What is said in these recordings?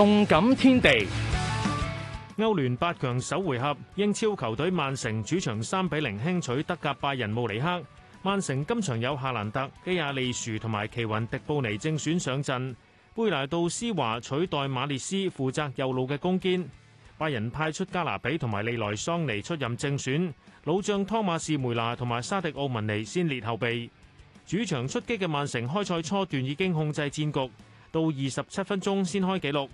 動感天地，歐聯八強首回合，英超球隊曼城主場三比零輕取德甲拜仁慕尼克，曼城今場有夏蘭特、基亞利、殊同埋奇雲迪布尼正選上陣，貝拿杜斯華取代馬列斯負責右路嘅攻堅。拜仁派出加納比同埋利來桑尼出任正選，老將托馬士梅拿同埋沙迪奧文尼先列後備。主場出擊嘅曼城，開賽初段已經控制戰局，到二十七分鐘先開紀錄。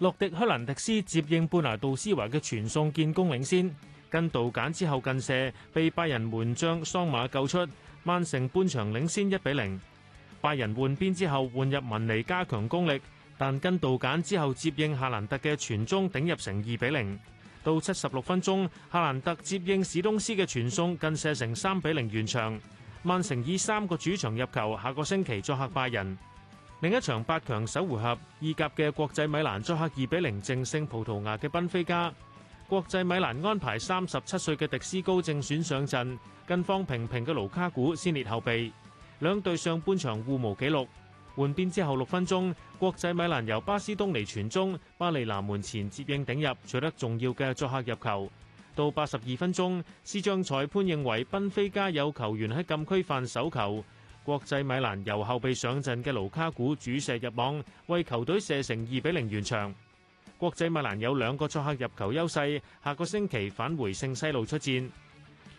洛迪·靴蘭迪斯接應貝拿度施華嘅傳送建功領先，跟杜簡之後近射，被拜仁門將桑馬救出，曼城半場領先一比零。拜仁換邊之後換入文尼加強攻力，但跟杜簡之後接應夏蘭特嘅傳中頂入成二比零。到七十六分鐘，夏蘭特接應史東斯嘅傳送近射成三比零完場。曼城以三個主場入球，下個星期作客拜仁。另一場八強首回合意甲嘅國際米蘭作客二比零淨勝葡萄牙嘅賓菲加。國際米蘭安排三十七歲嘅迪斯高正選上陣，近方平平嘅盧卡古先列後備。兩隊上半場互無紀錄。換邊之後六分鐘，國際米蘭由巴斯東尼傳中，巴利南門前接應頂入取得重要嘅作客入球。到八十二分鐘，司將裁判認為賓菲加有球員喺禁區犯手球。國際米蘭由後備上陣嘅盧卡古主射入網，為球隊射成二比零完場。國際米蘭有兩個作客入球優勢，下個星期返回聖西路出戰。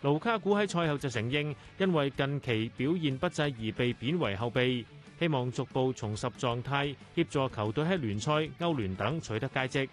盧卡古喺賽後就承認，因為近期表現不濟而被貶為後備，希望逐步重拾狀態，協助球隊喺聯賽、歐聯等取得佳績。